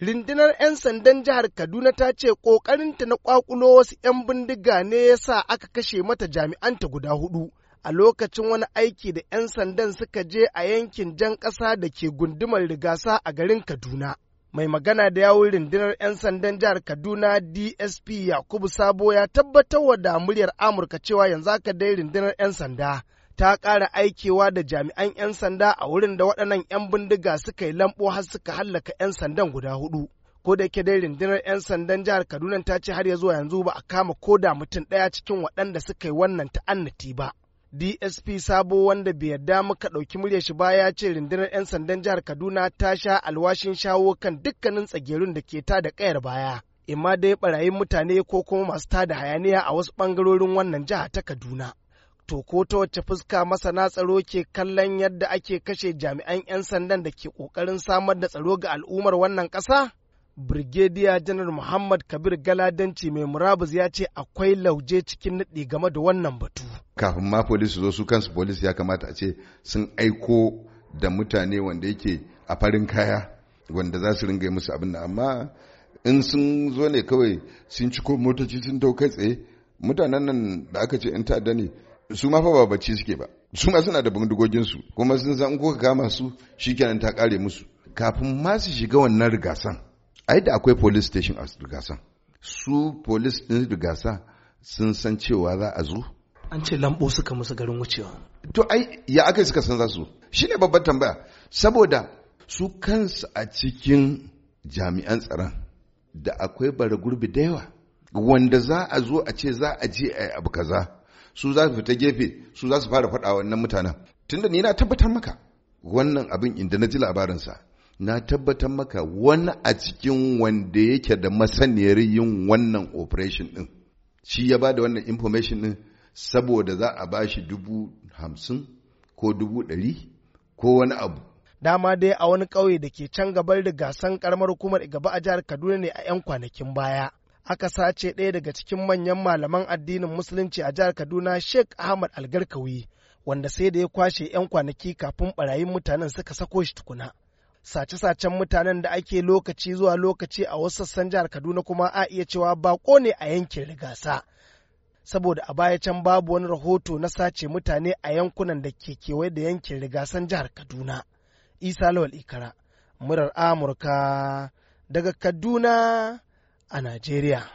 Rindinar 'yan sandan jihar Kaduna ta ce ƙoƙarinta na ƙwaƙulo wasu 'yan bindiga ne ya sa aka kashe mata jami'anta guda hudu. a lokacin wani aiki da 'yan sandan suka je a yankin jan ƙasa da ke gundumar rigasa a garin Kaduna. Mai magana da yawun rundunar 'yan sandan jihar Kaduna DSP Yakubu Sabo ya tabbatar wa da muryar Amurka cewa yanzu aka dai rundunar 'yan sanda ta ƙara aikewa da jami'an 'yan sanda a wurin da waɗannan 'yan bindiga suka yi lambo har suka hallaka 'yan sandan guda hudu. Ko da yake dai rundunar 'yan sandan jihar Kaduna ta ce har ya zuwa yanzu ba a kama ko da mutum ɗaya cikin waɗanda suka yi wannan ta'annati ba. DSP Sabo wanda bai yarda muka ɗauki murya shi ba ya ce rundunar 'yan sandan jihar Kaduna ta sha alwashin shawo kan dukkanin tsagerun da ke ta da ƙayar baya. Imma dai barayin mutane ko kuma masu tada hayaniya a wasu ɓangarorin wannan jiha ta Kaduna. To ko ta wacce fuska masana tsaro ke kallon yadda ake kashe jami'an 'yan sandan da ke ƙoƙarin samar da tsaro ga al'ummar wannan ƙasa? Brigadia Janar Muhammad Kabir Galadanci mai murabus ya ce akwai lauje cikin naɗi game da wannan batu. Kafin ma polisi zo su kansu polisi ya kamata a ce sun aiko da mutane wanda yake a farin kaya wanda za su ringa musu abin amma in sun zo ne kawai sun ciko motoci sun dau kai tsaye mutanen nan da aka ce 'yan ta'adda ne su ma fa ba bacci suke ba su ma suna da bindigoginsu kuma sun san ko ka kama su shikenan ta kare musu kafin ma su shiga wannan rigasan ai da akwai police station a rigasan su police din rigasa sun san cewa za a zo an ce lambo suka musu garin wucewa to ai ya aka suka san za su shine babban tambaya saboda su kansu a cikin jami'an tsaron da akwai bara gurbi da yawa wanda za a zo a ce za a je a abu kaza su za su fita gefe su za su fara faɗa wannan mutanen tunda ni na tabbatar maka wannan abin inda na ji labarinsa na tabbatar maka wani a cikin wanda yake da masaniyar yin wannan operation din shi ya bada wannan information din saboda za a bashi dubu hamsin ko dubu ɗari ko wani abu dama dai a wani ƙauye da ke can gabar da gasan karamar hukumar igaba a jihar kaduna ne a 'yan kwanakin baya aka sace ɗaya daga cikin manyan malaman addinin musulunci a jihar kaduna sheikh ahmad algarkawi wanda sai da ya kwashe 'yan kwanaki kafin barayin mutanen suka sako shi tukuna sace-sacen mutanen da ake lokaci zuwa lokaci a wasu sassan jihar kaduna kuma a iya cewa bako ne a yankin rigasa saboda a baya can babu wani rahoto na sace mutane a yankunan da ke kewaye da yankin rigasan jihar kaduna isa lawal ikara murar amurka daga kaduna a Najeriya.